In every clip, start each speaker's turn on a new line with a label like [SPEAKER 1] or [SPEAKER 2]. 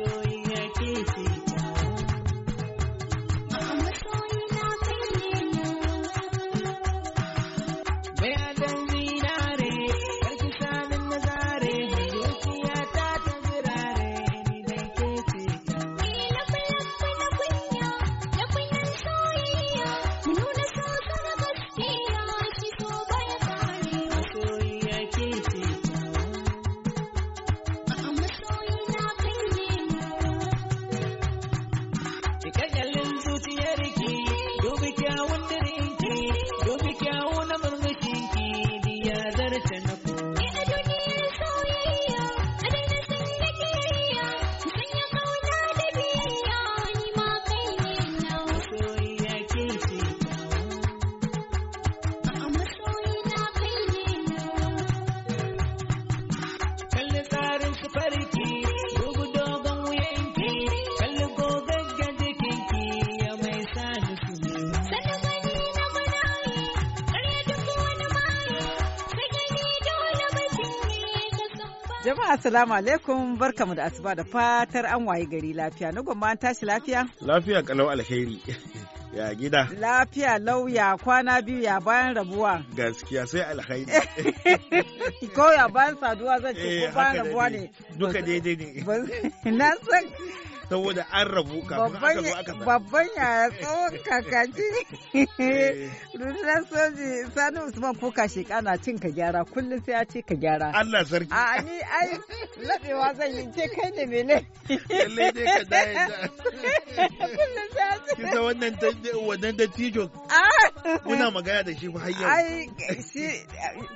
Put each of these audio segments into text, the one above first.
[SPEAKER 1] कोई है किसी
[SPEAKER 2] Jama'a salamu alaikum barkamu da asuba da fatar an waye gari lafiya na gwamma an tashi lafiya?
[SPEAKER 3] Lafiya kalau alheri. ya gida.
[SPEAKER 2] Lafiya lauya kwana biyu ya bayan rabuwa.
[SPEAKER 3] Gaskiya sai alheri.
[SPEAKER 2] Ko ya bayan saduwa zan ce ko eh, bayan rabuwa ne.
[SPEAKER 3] Duka daidai ne. Na san saboda an rabu kafin aka zo aka babban
[SPEAKER 2] yaya tsohon kakaci eh. rundunar soji sani usman ko kashi kana cin ka gyara kullum sai ya ce
[SPEAKER 3] ka gyara allah sarki
[SPEAKER 2] a ni ai laɓewa zan yi ce kai ne mene lalle dai ka dai kullum sai ya ce
[SPEAKER 3] kisa wannan wannan dattijo
[SPEAKER 2] ah. muna
[SPEAKER 3] magana da shi ba har yau ai shi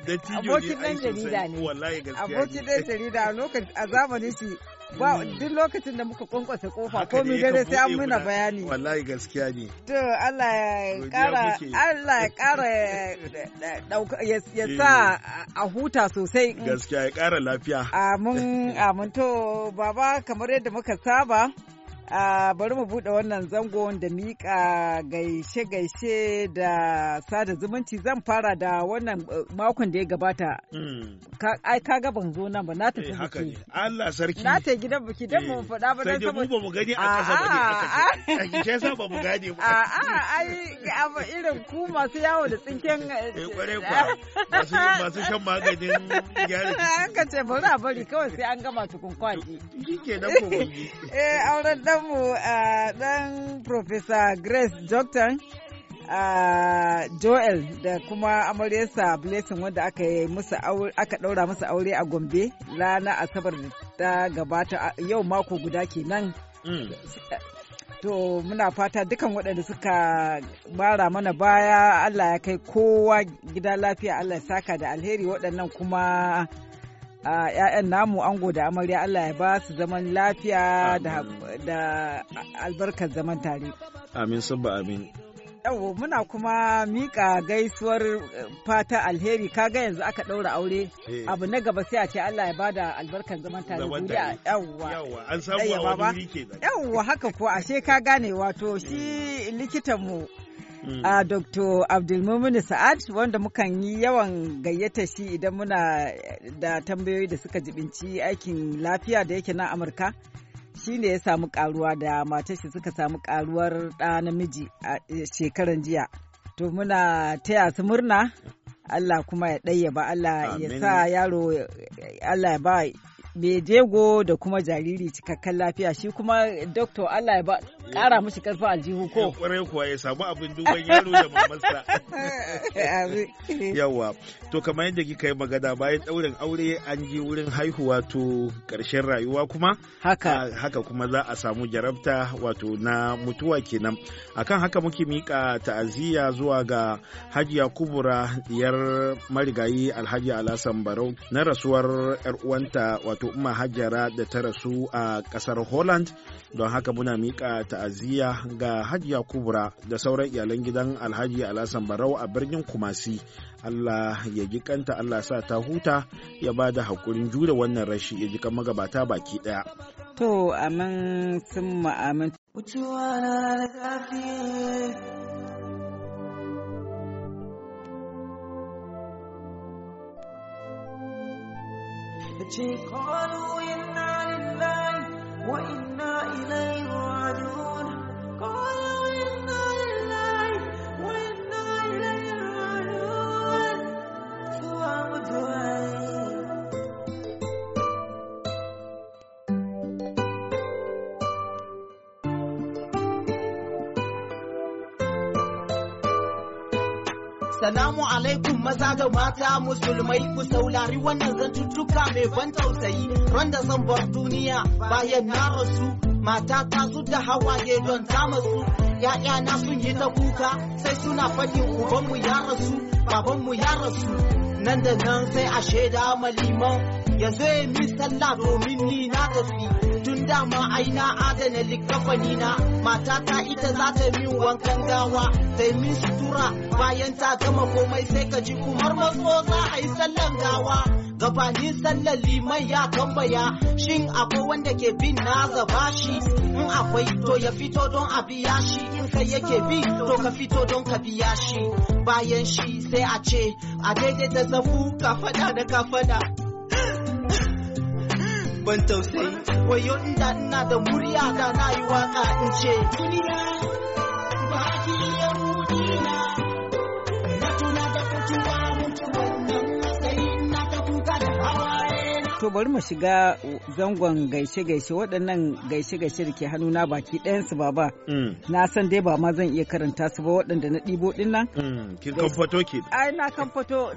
[SPEAKER 3] dattijo ne abokin dan jarida ne wallahi abokin dan
[SPEAKER 2] jarida a lokacin a zamanin shi ba duk lokacin da muka kwankwasa kofa ko mu gane sai an muna bayani
[SPEAKER 3] wallahi gaskiya ne
[SPEAKER 2] to Allah ya kara Allah ya kara ya sa eh. a huta sosai
[SPEAKER 3] gaskiya ya kara lafiya
[SPEAKER 2] amin amin to baba kamar yadda muka saba Uh, bari mu buɗe wannan zangon da miƙa gaishe-gaishe da sada zumunci zan fara da wannan eh, makon da ya gabata. Hmm. Ai, ka ga ban zo nan ba, na tafi eh, biki. Allah sarki. Na tafi gidan biki, don mu eh, faɗa ba don saboda. Sai mu ba mu gani a ƙasa ba ne a ƙasa. ba mu gane ba. A ai, irin ku masu yawo da tsinken. Eh, ƙwarai kwa, masu shan
[SPEAKER 3] maganin gyara.
[SPEAKER 2] An ka ce bari a bari kawai sai an gama tukun kwaki. Kike nan ko Eh, auren mu dan Profesa Grace Joktan Joel da kuma amaryarsa Blessing wanda aka yi musu aka daura musu aure a Gombe rana Asabar da gabata yau mako guda kenan. Mm. To muna fata dukan waɗanda suka mara mana baya Allah ya kai kowa gida lafiya Allah ya saka da alheri waɗannan kuma a ‘ya'yan namu ango da amarya Allah ya ba su zaman lafiya da albarkar zaman tare.
[SPEAKER 3] Amin sabba amin.
[SPEAKER 2] Yau muna kuma mika gaisuwar eh, fata alheri kaga yanzu aka ɗaura aure eh. abu na gaba sai a ce Allah ya bada albarkar zaman tare duniya
[SPEAKER 3] yawwa an samu a wani
[SPEAKER 2] yawwa haka ko ashe ka gane wato shi eh. likitanmu a mm. Dr. Abdulmumin Sa'ad wanda mukan yi yawan gayyata shi idan muna da tambayoyi da suka jibinci aikin lafiya da yake na Amurka. Shi ne ya samu karuwa da matar shi suka samu karuwar ɗa namiji a e, shekaran jiya. To muna taya su murna Allah kuma ya ɗaya ba Allah ya sa yaro Allah ya ba jego da kuma jariri cikakken lafiya shi kuma doktor Allah ya ba kara mishi karfin aljihu ko
[SPEAKER 3] kwarai kuwa ya samu abin duban yaro da mamarsa yawa to kamar yadda kika yi magana bayan ɗaurin aure an ji wurin haihuwa to ƙarshen rayuwa kuma haka ah, haka kuma za a samu jarabta wato na mutuwa kenan akan haka muke mika ta'aziyya zuwa ga hajiya kubura diyar marigayi alhaji alhassan barau na rasuwar yar uwanta wato umma hajjara da ta rasu a ƙasar holland don haka muna mika ta ta'aziyya ga hajji kubura da sauran iyalan gidan alhaji alhassan barau a birnin kumasi allah ya ji kanta allah sa ta huta ya ba da haƙurin jure wannan rashi ya ji kan magabata baki ɗaya
[SPEAKER 2] to amin sun ma'amin
[SPEAKER 1] wucewa na قالوا إنا وإنا إليه راجعون قال
[SPEAKER 2] Salamu alaikum maza da mata musulmai ku saulari wannan zantuttuka mai ban tausayi randa zan bar duniya bayan na rasu mata ta da hawaye don ta masu na sun yi ta kuka sai suna faɗin ubanmu ya rasu babanmu ya rasu nan da nan sai a shaida maliman yanzu ya yi sallah domin ni na tafi dama ai na adana likafani na matata ita za ta min wankan gawa sai yi min sutura bayan ta gama komai sai ka ji kumar maso za a yi sallan gawa gabanin sallar liman ya tambaya shin akwai wanda ke bin na zaba shi in akwai to ya fito don a biya shi in kai yake bi to ka fito don ka biya shi bayan shi sai a ce a daidai da zafu ka fada da ka fada ban tausayi wayo inda ina da murya da na yi waka in ce duniya to bari mu shiga zangon gaishe-gaishe waɗannan gaishe-gaishe da ke hannuna baki ɗayansu ba ba. Mm. Na san dai ba ma zan iya karanta su ba waɗanda na ɗibo ɗin
[SPEAKER 3] nan. Mm. Kin kamfato ki?
[SPEAKER 2] Ai na kamfato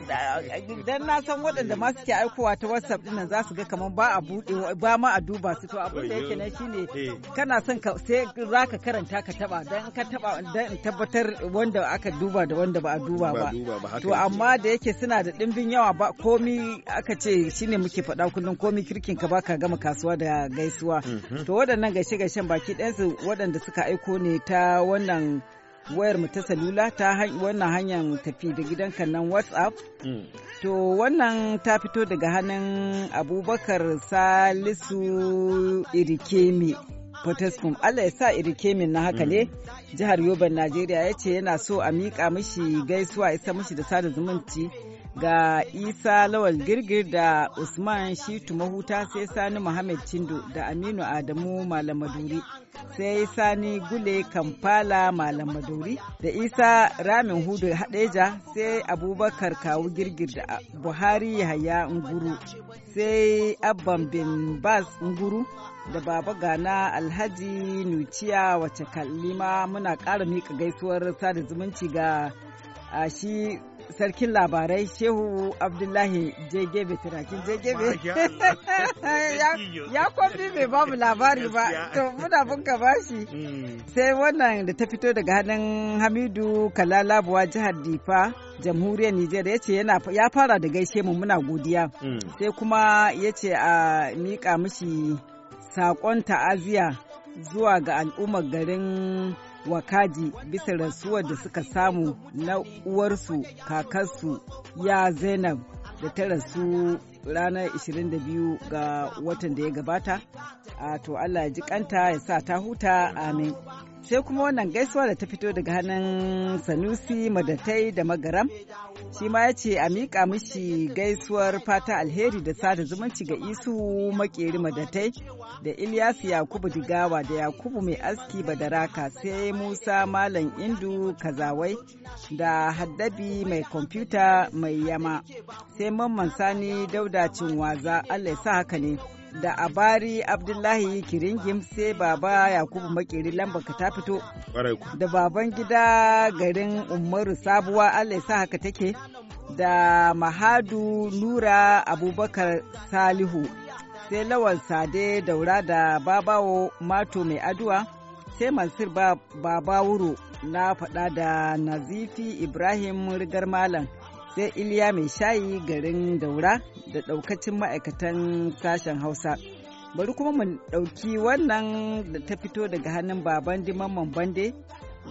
[SPEAKER 2] dan na san waɗanda ma suke aikowa ta WhatsApp ɗin nan za su ga kamar ba a buɗe ba ma a duba su to abin da yake shi shine eh. kana son ka sai za ka karanta ka taɓa dan ka taɓa dan tabbatar wanda aka duba da wanda ba a duba ba. To amma da yake suna da ɗimbin yawa ba komi aka ce shine muke faɗa kullum komi kirkin ka baka gama kasuwa da gaisuwa mhm. to waɗannan gaishe gaishen baki ɗayansu waɗanda suka aiko ne ta wannan wayar mu ta salula ta wannan hanyar tafi da gidanka nan whatsapp mm. to wannan ta fito daga hannun abubakar salisu irikemi potescom allah ya sa irikemi na haka ne mm. jihar yoban najeriya ya ce yana so a miƙa mishi gaisuwa isa mishi da sada zumunci ga isa lawal girgir da usman shitu mahuta sai sani muhammad cindo da aminu adamu malam maduri sai sani gule kampala malam maduri da isa ramin hudu hadeja sai abubakar kawu girgir da buhari yahaya nguru sai abban bin bas nguru da baba gana alhaji nuciya wace kalima muna ƙara miƙa gaisuwar sada zumunci ga shi sarkin labarai shehu abdullahi jegebe turakin jegebe ya kwamfi mai babu labari ba to muna bunka bashi mm. sai wannan da ta fito daga hannun hamidu kalalabuwa jihar difa jamhuriyar nijar ya ce ya fara da gaishe mu muna godiya mm. sai kuma ya ce a mika mishi saƙon ta'aziya zuwa ga al'ummar garin wa kaji bisa rasuwar da suka samu na uwarsu kakarsu ya zainab da ta rasu ranar 22 ga watan da ya gabata a to allah ya ji kanta ya sa ta huta amin sai kuma wannan gaisuwa da ta fito daga hannun sanusi madatai da magaram shi ma ya ce a miƙa mishi gaisuwar fata alheri da sada zumunci ga isu makeri madatai da ilyas yakubu digawa da yakubu mai aski badaraka sai musa malam indu kazawai da haddabi mai kwamfuta mai yama sai mamman sani dauda cinwaza allah ya sa haka ne da abari abdullahi kiringim sai baba yakubu makeri lamba ka ta fito da baban gida garin umaru sabuwa allah sa haka take da mahadu nura abubakar salihu sai lawan sade daura da babawo mato mai aduwa sai mansur babawuro na faɗa da nazifi ibrahim rigar malam sai iliya mai shayi garin daura da daukacin ma'aikatan sashen hausa bari kuma mu dauki wannan da ta fito daga hannun baban dimamman bande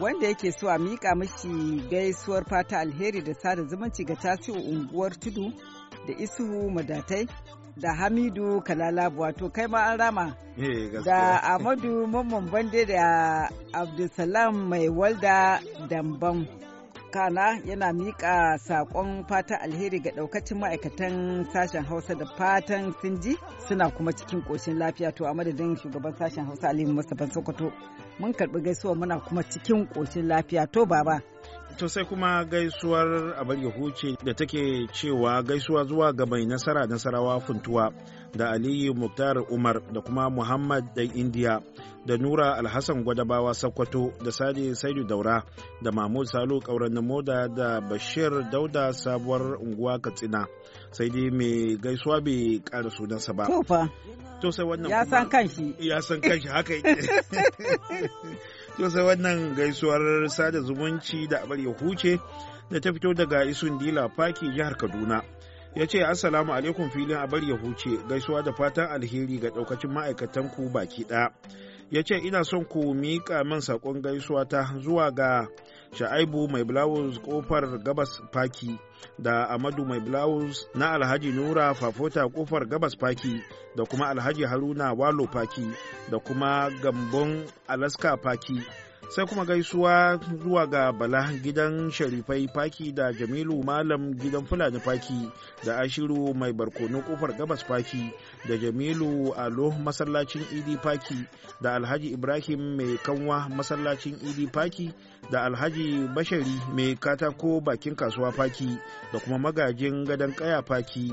[SPEAKER 2] wanda yake so a mika mashi gaisuwar fata alheri da sada zumunci ga tasiri unguwar tudu da isuhu madatai da hamidu kalalabu wato kai ma an rama
[SPEAKER 3] eh, da
[SPEAKER 2] amadu mamman bande da abdulsalam mai walda dambam kana yana miƙa saƙon fata alheri ga ɗaukacin ma'aikatan sashen hausa da fatan sun ji suna kuma cikin ƙoshin lafiya to a madadin shugaban sashen hausa alimu mustapha sokoto mun karɓi gaisuwa muna kuma cikin ƙoshin lafiya to baba
[SPEAKER 3] To sai kuma gaisuwar abar huce da take cewa gaisuwa zuwa ga mai nasara nasarawa funtuwa da Aliyu Muktar Umar da kuma Muhammad dan Indiya da Nura Alhassan Gwadabawa Sakwato da Sadi Saidu Daura da Mahmud Salu Kauran Moda da Bashir Dauda sabuwar unguwa Katsina sai dai mai gaisuwa bai ƙara sunansa ba. To sai ya san kanshi. Ya san kanshi haka To sai wannan gaisuwar sada zumunci da abar ya huce da ta fito daga isun dila faki jihar Kaduna. Ya ce Assalamu alaikum filin abar ya huce gaisuwa da fatan alheri ga daukacin ma'aikatan ku baki ɗaya. Ya ce ina son ku miƙa min sakon gaisuwa ta zuwa ga Sha'aibu mai bulawus kofar gabas faki. da amadu mai blouse na alhaji nura fafota kofar gabas faki da kuma alhaji haruna walo faki da kuma gambon alaska faki sai kuma gaisuwa zuwa ga bala gidan sharifai faki da jamilu malam gidan fulani faki da ashiru mai barkonu kofar gabas faki da jamilu alo masallacin idi faki da alhaji ibrahim mai kanwa masallacin idi faki da alhaji bashari mai katako bakin kasuwa faki da kuma magajin gadon kaya faki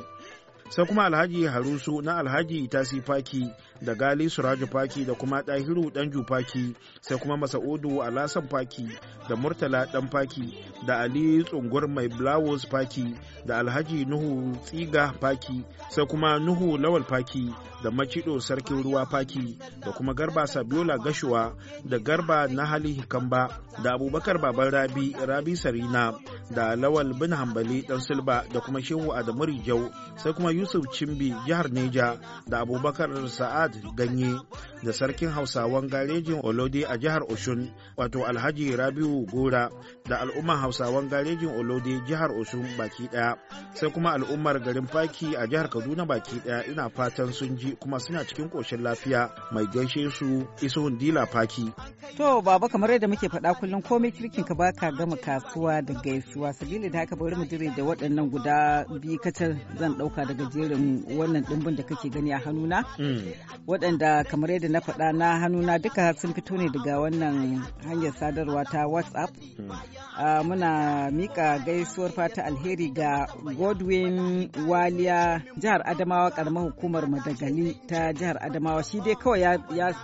[SPEAKER 3] sai kuma alhaji harusu na alhaji tasi faki da gali suraju faki da kuma ɗahiru ɗanju jufaki sai kuma masa'udu alasan faki da murtala ɗan faki da ali tsungur mai blawos faki da alhaji nuhu tsiga faki sai kuma nuhu lawal faki da macido sarkin ruwa faki da kuma garba sabiola gashuwa da garba na hali hikamba da abubakar baban rabi rabi sarina da lawal bin hambali dan silba da kuma shehu adamu rijau sai kuma yusuf cimbi jihar neja da abubakar sa'ad ganye da sarkin hausawan garejin olodi a jihar oshun wato alhaji rabiu gora da al'ummar hausawan garejin olodi jihar oshun baki daya sai kuma al'ummar garin faki a jihar kaduna baki daya ina fatan sun ji kuma suna cikin koshin lafiya mai gaishe su isuhun dila faki
[SPEAKER 2] to baba kamar yadda muke faɗa kullum komai kirkin ka baka gama kasuwa da gaisuwa sabili da haka bari mu dire da waɗannan guda biyu kacal zan ɗauka daga jerin wannan ɗimbin da kake gani a hannuna mm. waɗanda kamar yadda na faɗa na hannuna duka sun fito ne daga wannan hanyar sadarwa ta whatsapp hmm. ah, muna mika gaisuwar fata alheri ga godwin waliya jihar adamawa karamar hukumar madagali ta jihar adamawa shi dai kawai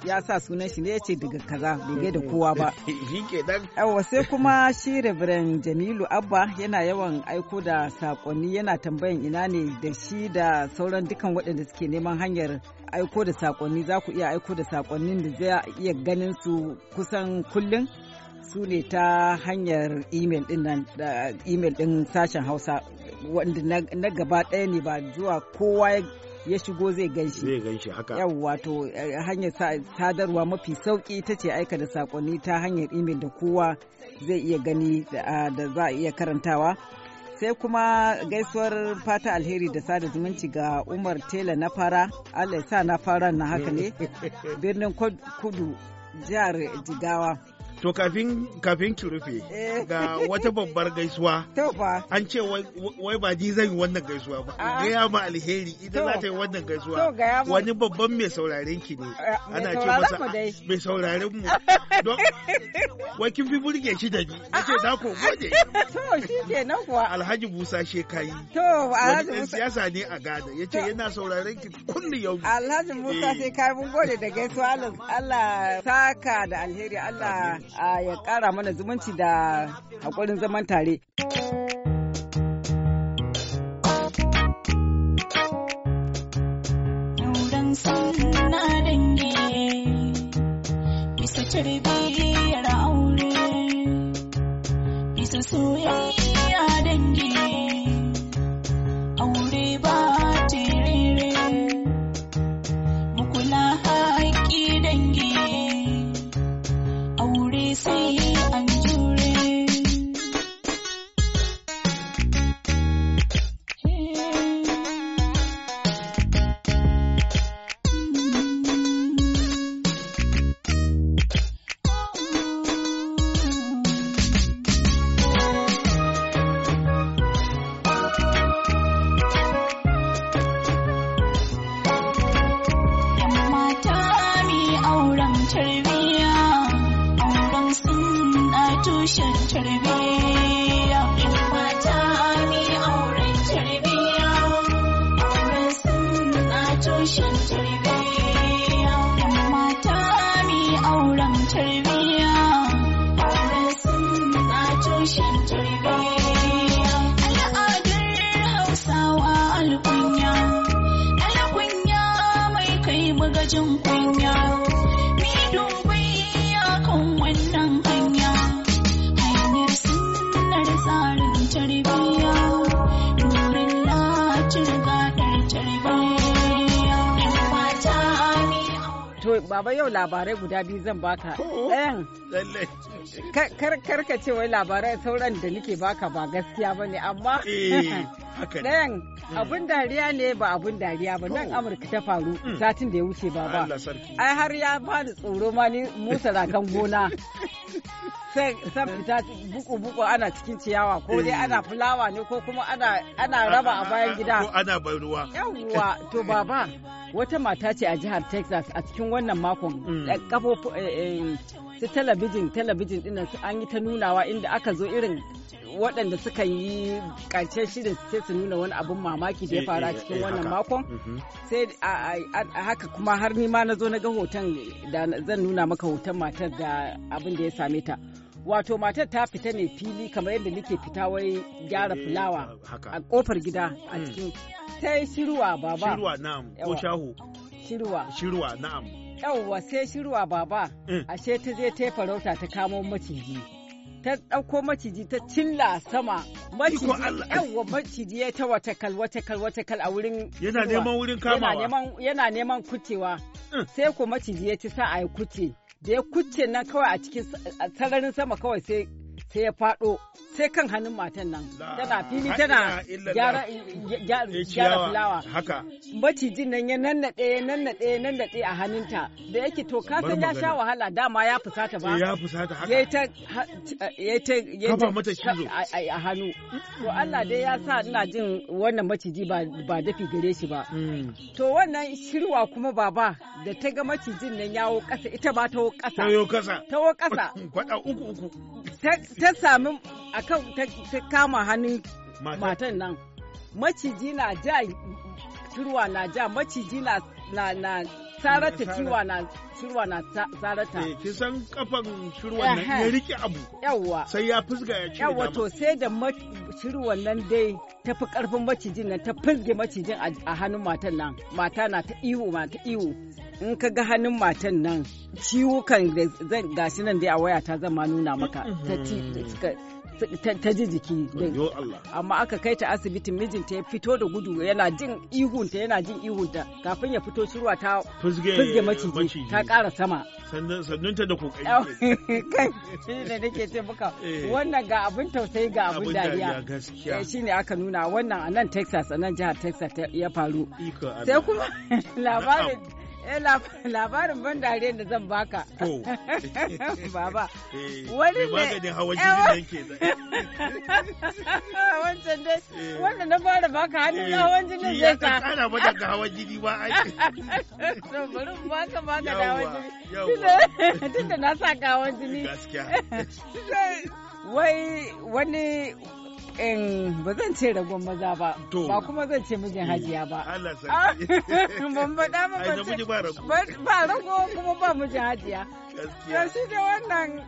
[SPEAKER 2] ya sa sunan shi ne ya ce daga kaza bai da hmm. kowa ba yawa sai kuma shi reverend jamilu abba yana yawan aiko da saƙonni yana tambayan ina ne da shi da sauran dukan waɗanda suke neman hanyar aiko da sakonni za ku iya aiko da sakonnin da zai iya ganin su kusan kullum su ne ta hanyar imel din sashen hausa wanda na gaba ɗaya ne ba zuwa kowa ya shigo zai gan shi haka to eh, hanyar sadarwa mafi sauki ita ce aika da sakonni ta hanyar imel da kowa zai iya gani da ah, za a iya karantawa sai kuma gaisuwar fata alheri da sada zumunci ga umar tela na fara allah sa na fara na haka ne birnin kudu
[SPEAKER 3] jihar jigawa To kafin kafin ki rufe eh. ga wata babbar gaisuwa. An ce wai ba ji zan yi wannan gaisuwa ba. Gaya ma alheri ita za ta yi wannan gaisuwa. Wani babban mai sauraren ki ne. Eh, Ana ce masa mai sauraren mu. Wai kin fi burge shi da ni. Na ce za ko gode. To shi ke nan kuwa. Alhaji Musa Shekayi. To Alhaji Musa. siyasa ne a Gada. Ya ce yana sauraren ki kullu yau. Alhaji Musa
[SPEAKER 2] eh. Shekayi mun gode da gaisuwa Allah saka da alheri Allah ya ƙara mana zumunci da haƙurin zaman tare.
[SPEAKER 1] Sauran na dange, bisa tarbiyya. Turn turning me
[SPEAKER 2] baba yau labarai guda biyu zan baka. Ɗayan. karka ce wai labarai sauran da nake baka ba gaskiya ba ne amma. Eh, ɗayan hmm. abun dariya ne ba abun dariya ba nan Amurka ta faru hmm. satin da ya wuce baba. Ai har ya bani tsoro ma ni musa rakan gona. san fita buku-buku ana cikin ciyawa ko dai eh. ana fulawa ne ko kuma ana raba a bayan gida. Ko ana bai Yawwa to baba wata mata ce a jihar Texas a cikin wannan makon mm. kafofin su eh, eh, talabijin talabijin su an yi ta nunawa inda aka zo irin waɗanda suka yi ƙarshen shirin sai su nuna wani abin mamaki da ya faru a cikin wannan makon mm-hmm. sai haka kuma har nima na zo na ga hoton da zan nuna maka hoton matar da abin da ya same ta. wato matar ta fita ne fili kamar yadda nake fita wai gyara eh, fulawa a kofar gida a hmm. cikin sai shirwa baba shirwa
[SPEAKER 3] na'am ko shaho shirwa shirwa na'am
[SPEAKER 2] yawwa sai shirwa baba eh. ashe ta je ta farauta ta kamo maciji ta ɗauko maciji ta cilla sama maciji yawwa maciji ya ta kal wata kal a wurin yana neman wurin kamawa yana neman kucewa eh. sai ko maciji ya ci sa a yi kuce da ya kucce nan kawai a cikin sararin sama kawai sai sai ya faɗo sai kan hannun matan nan tana fili tana gyara eh,
[SPEAKER 3] eh, eh, fulawa haka
[SPEAKER 2] macijin nan ya nannaɗe ya nannaɗe ya nannaɗe a hannunta da yake to ka san ya sha wahala dama ya fusata ba ya fusata haka ya ta yayi ta kafa mata shizo a hannu to Allah dai ya sa ina jin wannan maciji ba ba dafi gare shi ba hmm. to wannan shirwa kuma baba da ta ga macijin nan yawo kasa ita ba ta wo kasa ta wo kasa ta wo kasa kwada uku uku ta sami akan ta kama hannun matan nan maciji na ja turwa na ja maciji na na sarata ciwa na shirwa na sarata. Eh, kin san kafan shirwan nan ya rike abu. Yawwa.
[SPEAKER 3] Sai ya fusga ya cire Yawwa to
[SPEAKER 2] sai da shirwan nan dai ta fi karfin macijin nan ta fusge macijin a hannun matan nan. Mata na ta ihu ma ta ihu. in ka ga hannun matan nan ciwukan da zan gashi nan dai a waya zan ma nuna maka mm-hmm. ta ji jiki amma aka kai ta asibitin mijinta ya fito da gudu yana jin ihunta yana jin ihunta kafin ya fito shirwa ta fizge maciji ta ƙara sama
[SPEAKER 3] sannan ta da kokari kai
[SPEAKER 2] shi ne nake ce muka eh. wannan ga abin tausayi ga abin dariya eh, shi ne aka nuna wannan a nan texas a nan jihar texas ya faru sai kuma labarin Eh, labarin ban dariyar da zan baka. To. Baba. Eh, wani ne. Maganin hawan eh, jini ke Wancan dai. Wanda na fara baka hannun hawan jini zai ka. Ya kara ba daga hawan jini ba ai. To bari mu baka baka da hawan
[SPEAKER 3] jini.
[SPEAKER 2] Tunda na sa ka hawan jini. Gaskiya. Wai wani ba zan ce ragon maza ba ba kuma zan ce mijin eh, hajiya ba ban faɗa ba ce ba rago kuma ba mijin hajiya to shi da wannan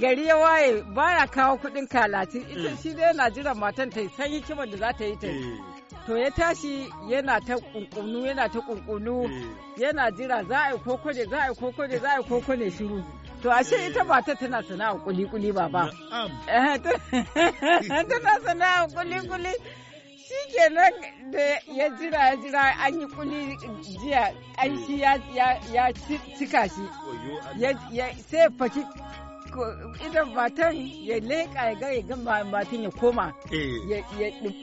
[SPEAKER 2] gari ya waye ba ya kawo kuɗin kalatin eh. ita shi da yana jiran matan ta san hikimar da za ta yi ta eh. to ya tashi yana ta kunkunu yana ta kunkunu yana jira za a yi koko ne za a yi koko ne za a yi koko ne shiru To ashe ita ba ta tana sana'a kuli-kuli ba ba. Eh, tana sana'a kuli-kuli. Shi kenan da ya jira ya jira an yi kuli jiya an shi ya cika shi. Sai faki ita matan ya leƙa ya ga ya ga ya koma eh.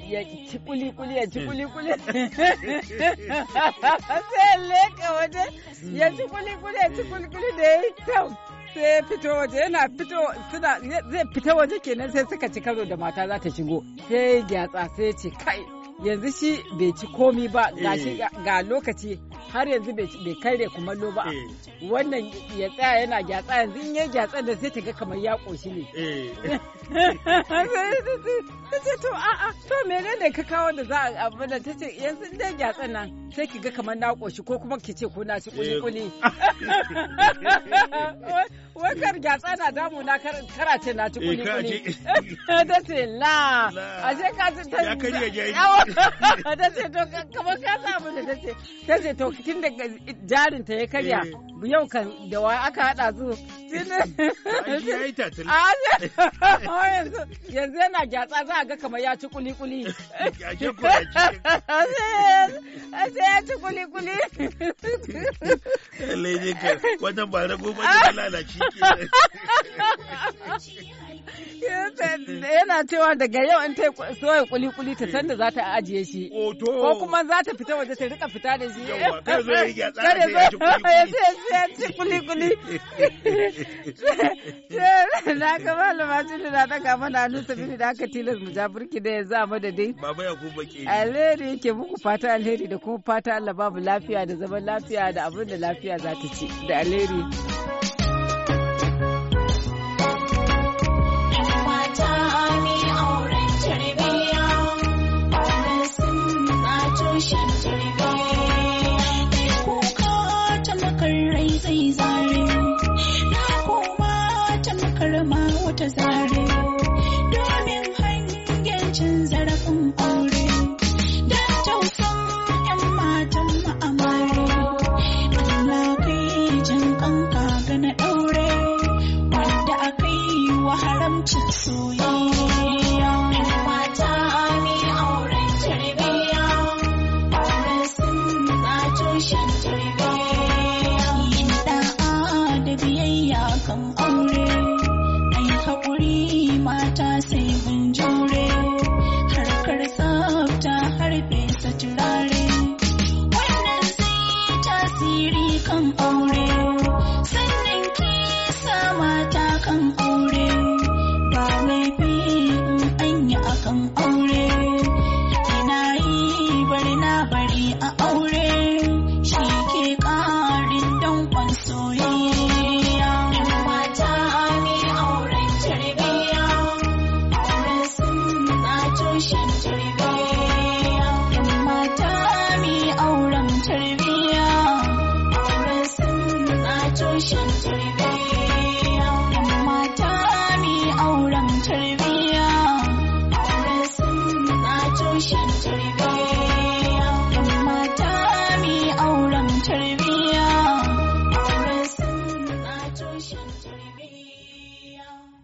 [SPEAKER 2] ya ci kuli-kuli ya ci eh. kuli-kuli sai ya leƙa wajen ya ci kuli-kuli ya ci kuli-kuli da ya yi kyau sai fito waje yana fito suna zai fita waje kenan sai suka ci karo da mata za ta shigo sai gyatsa sai ce kai yanzu shi bai ci komi ba ga eh. lokaci har yanzu bai kare kumallo ba eh. wannan ya tsaya yana gyatsa yanzu in ya gyatsa da sai ta ga kamar ya koshi ne eh. sai a'a To menene ka kawo da za a abu ta ce yanzu dai gyatsa nan sai ki ga kamar na koshi ko kuma ki ce ko na ci kuli kuli. Eh. Wai kar gyatsa na damu na karace na ci eh, kuli kuli. Ta ce la a ce ka ce ta ya karya jai. Ta ce to kamar ka samu da ta ce ta ce to kin da jarin ta ya karya eh. yau kan da wa aka hada zu. Yanzu yana gyatsa za a ga kamar ya ci kuli kuli. Sai ya ci kuli kuli.
[SPEAKER 3] Lallai ne ka wajen ba rago ke.
[SPEAKER 2] yana cewa daga yau in ta soya kulikuli ta sanda za ta ajiye shi ko kuma za ta fita waje ta rika fita da shi kare zo ya ci kuli kuli na ga malama da na daga mana hannu sabini da aka tilas mu ja burki da ya za madadin baba
[SPEAKER 3] ya ke
[SPEAKER 2] yake muku fata alheri da kuma fata Allah babu lafiya da zaman lafiya da abin da lafiya za ta ci da alheri
[SPEAKER 1] ba mai in an akan